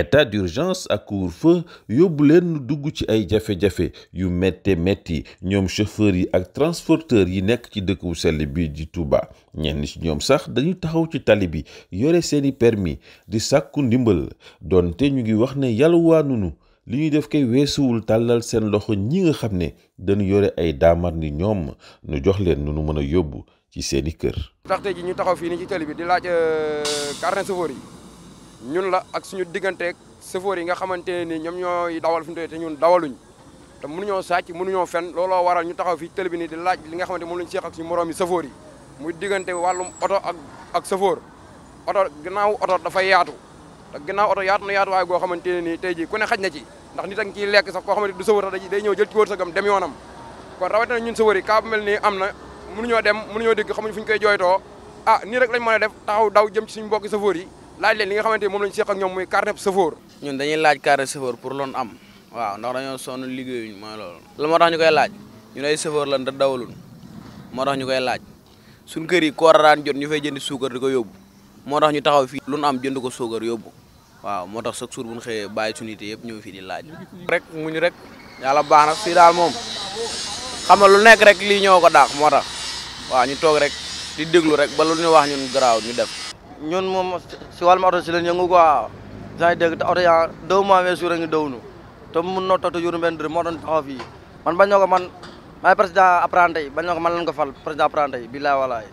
état d'urgence ak couvre-feu yóbbu leen dugg ci ay jafe-jafe yu métte métti ñoom chauffeur yi ak transporteur yi nekk ci dëkku bu sell bi di Touba ñenn ci ñoom sax dañu taxaw ci tali bi yore seeni permis di sàkku ndimbal doonte ñu ngi wax ne yalwaanunu li ñuy def kay weesuwul tàllal seen loxo ñi nga xam ne dañu yore ay daamar ni ñoom ñu jox leen nu nu mën a yóbbu ci seeni kër. ndax tey ñun la ak suñu digganteeg sëfoor yi nga xamante ne nii ñoom ñoo dawal fi mu te ñun dawaluñ te mënuñoo sàcc mënuñoo fen looloo waral ñu taxaw fii télé bi di laaj li nga xamante moom lañ seex ak suñu moroom yi sëfoor yi muy diggante wàllum oto ak ak sëfoor oto gannaaw oto dafay yaatu te gannaaw oto yaatu na yaatu waaye xamante ne nii tey jii ku ne xaj na ci ndax nit a ngi lekk sax koo xamante du sëfoor sax day ñëw jël ci wërsëgam dem yoonam kon rawatina ñun sëfoor yi kaa bu mel nii am na mënuñoo dem mënuñoo dégg xamuñ fu ñu koy jooytoo a ah, nii rek lañ mën a def taxaw daw jëm ci suñu mbokki sëfoor yi laaj leen li nga xamante ni moom la ñu seq ak ñoom muy carte chauffeur ñun laaj carte chauffeur pour loon am waaw ndax dañoo sonn liggéeyuñ mooy loolu la moo tax ñu koy laaj ñun ay chauffeur lan da dawalul moo tax ñu koy laaj suñ kër yi koor daan ñu fay jënd suukar di ko yóbbu moo tax ñu taxaw fii lu nu am jënd ko suukar yóbbu waaw moo tax chaque jour bu ñu xëyee bàyyi yëpp ñëw fii di laaj rek muñu rek yàlla baax na fii daal xam na lu nekk rek li ñoo ko daax moo tax waaw ñu toog rek di déglu rek ba lu ñu wax ñun garaaw ñu def ñun mom ci walma auto ci la yëngu ko yaa deug ta auto ya do ma wessu vingt jours a ngi dawnu te mu noo toog yuru benn mo don taxaw fi man bañ ko man may president apprenti yi bañ ko man lañ ko fal president apprenti billahi billaay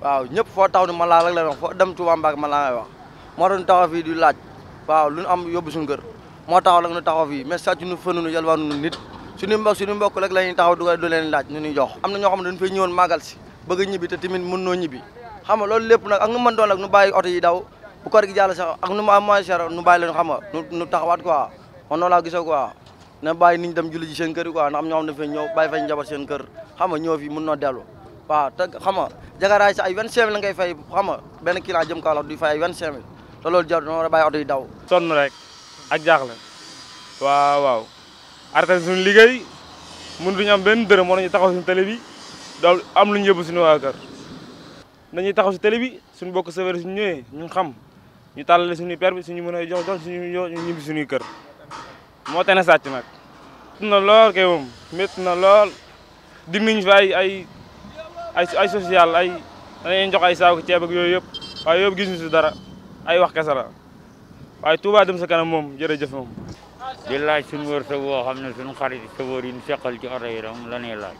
waaw ñepp fo taw ni man laa rek la wax fo dem Touba Mbacké man laa ngay wax mo don taxaw fi di laaj waaw lu am yóbbu suñu kër mo taxaw rek nu taxaw fi mais sa ci nu fënu nu yalwanu nu nit suñu mbokk suñu mbokk rek lañ taxaw du du leen laaj ñu ñu jox amna na ñoo xam ne fay ñëwoon magal ci bëgg ñibi te timin mën ñibi xam nga loolu lépp nag ak nu mën doon nag nu bàyyi oto yi daw bu koor gi jàll sax ak nu mu am moins cher nu bàyyi leen xam nu taxawaat quoi man noonu laa gisoo na bàyyi niñ dem julli ji seen kër yi quoi ndax am ñoo xam ne fa ñëw seen kër xam nga ñëw fi mun noo dellu waaw te xam nga jagaraay sax ay vingt-cinq mille la ngay fay xam nga benn client jëm kaw la du fay ay vingt-cinq mille te loolu jarul noonu war a bàyyi oto yi daw sonn rek ak jaaxle waaw waaw arrêté suñu liggéey mënutuñu am benn dërëm war nañu taxaw suñu télé bi daal am lu ñu yóbbu suñu waa kër dañuy taxaw si télé bi suñu bokk sévère suñu ñëwee ñu xam ñu tàllale suñuy permis suñu mën a jox jox suñu ñu ñibbi suñuy kër moo tene sàcc nag métti na lool kay moom métti na lool dimniñ fi ay ay ay ay social ay dañuy jox ay saaku ceeb ak yooyu yëpp waaye yëpp gisuñu si dara ay wax kese la waaye Touba dem sa kanam moom jërëjëf moom di laaj suñu wërsëg woo xam ne suñu xarit sabóor yi ñu seqal ci oto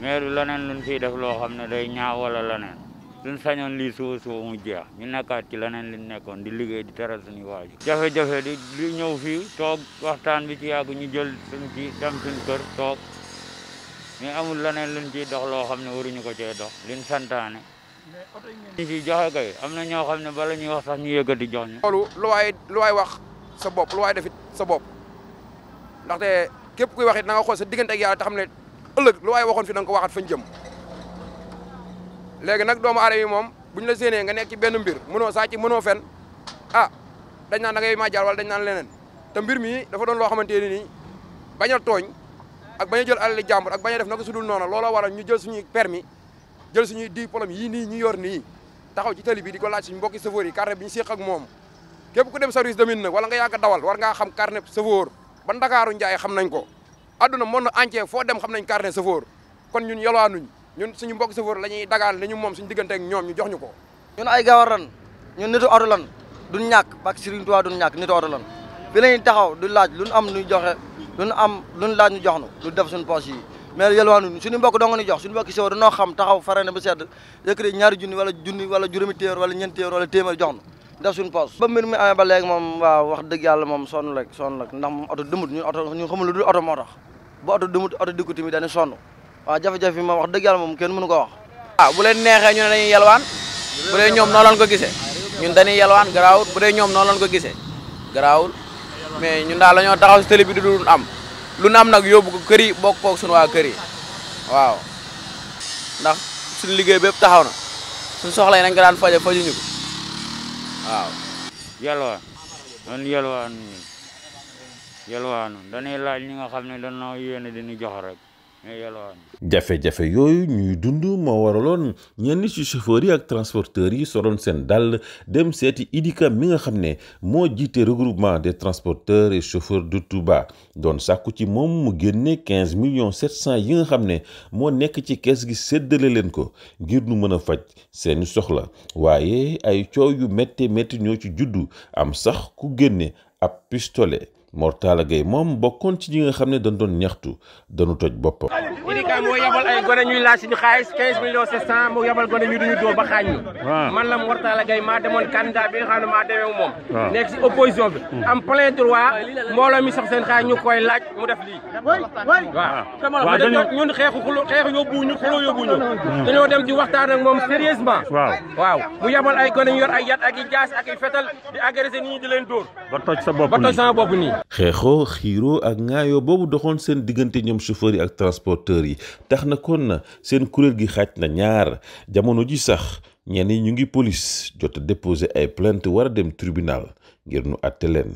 mais du leneen luñ fiy def loo xam ne day ñaaw wala leneen suñ sañoon lii suba suba mu jeex ñu nekkaat ci leneen liñ nekkoon di liggéey di teral suñu waaju jafe-jafe di di ñëw fii toog waxtaan bi ci yàgg ñu jël suñ ci dem suñ kër toog mais amul leneen luñ ciy dox loo xam ne waruñu ko cee dox liñ santaane ñu ciy joxe kay am na ñoo xam ne bala ñuy wax sax ñu yëkkati jox ñu loolu lu waay lu waay wax sa bop lu waay defit sa bopp ndaxte képp kuy wax it na nga sa diggante xam ne ëllëg lu waaye waxoon fi da nga ko waxaat fañ léegi nag doomu aadama yi moom bu ñu la séenee nga nekk ci benn mbir mënoo sàcc mënoo fen a ah, dañ naan da ngay màjjal wala dañ naan leneen te mbir mi dafa doon loo xamante ne nii bañ a tooñ ak bañ a jël alali jàmbur ak bañ a def naka sudul noona looloo waral ñu jël suñuy permis jël suñuy diplôme yi nii ñu yor nii taxaw ci tali bi di ko laaj suñu mbokki chauffeur yi carnet bi ñu séq ak moom képp ku dem service de mine nag wala nga yàgg dawal war ngaa xam carnet chauffeur ba Ndakaaru Njaay xam nañ ko adduna monde entier foo dem xam nañ carnet chauffeur kon ñun yalwaanuñ ñun suñu mbokk chauffeur la ñuy dagaal li ñu moom suñu diggante ak ñoom ñu jox ñu ko. ñun ay gawar lan ñun nitu oto lan duñ ñàkk parce que Serigne Touba duñ ñàkk nitu oto lan fi lañuy taxaw du laaj luñ am ñu joxe luñ am luñ laaj ñu jox nu lu def suñu poche yi mais yalwaanuñ suñu mbokk dong ñu jox suñu mbokk chauffeur dañoo xam taxaw fare na ba sedd yëkkati ñaari junni wala junni wala juróomi téeméer wala ñeenti téeméer wala téeméer jox nu wax dëgg yàlla moom sonn rek sonn rek ndax moom oto dëmut ñun oto ñun ba oto dumut oto dikku tamit dañu sonn waaw jafe-jafe yi moom wax dëgg yàlla moom kenn mënu ko wax ah bu leen neexe ñu ne dañuy yalwaan bu dee ñoom noonu lañ ko gisee ñun dañuy yalwaan garaawul bu dee ñoom noonu lañ ko gisee garaawul mais ñun daal la ñoo taxaw si télé bi di am lu na am nag yóbbu ko kër yi bokk koog suñu waa kër yi waaw ndax suñu liggéey bépp taxaw na suñu soxla yi nañ ko daan faje fajuñu ko waaw yalwaan man yalwaan yalwaanu dañuy laaj ñi nga xam ne dañoo yéene di ñu jox rek mais yalwaanu. jafe-jafe yooyu ñuy dund moo waraloon ñenn ci chauffeurs yi ak transporteurs yi soroon seen dàll dem seeti IDICAM mi nga xam ne moo jiite regroupement des transporteurs et chauffeurs du Touba doon sàkku ci moom mu génne 15 millions 700 yi nga xam ne moo nekk ci kees gi séddale leen ko ngir nu mën a faj seeni soxla waaye ay coow yu métti métti ñoo ci juddu am sax ku génne ab pistolet. Mor a Gueye moom bokkoon ci ñi nga xam ne dañ doon ñaxtu dañu toj boppam. Irika moo yabal ay gone ñuy laaj suñu xaalis 15 millions 700 moo yabal gone ñu duñu dóor ba xaañ ñu. man la Mor Talla Gueye maa demoon candidat bi nga maa demee moom. nekk si opposition bi. Hmm. am plein droit mbooloo mi sax seen xaalis ñu koy laaj mu def lii. waaw waaw dañoo ñun xeexu xuloo xeexu yóbbuwuñu xuloo yóbbuwuñu. dañoo dem di waxtaan ak moom sérieusement. waaw mu yabal ay gone ñu yor ay yat ak i jaas ak i fetal di agresser nit ñi di leen dóor. ba toj sa xeexoo xiiroo ak ŋaayoo boobu doxoon seen diggante ñoom chauffeur yi ak transporteur yi tax na kon na seen kuréel gi xaj na ñaar jamono ji sax ñenn ñu ngi police jot a ay plainte wara dem tribunal ngir nu àtte leen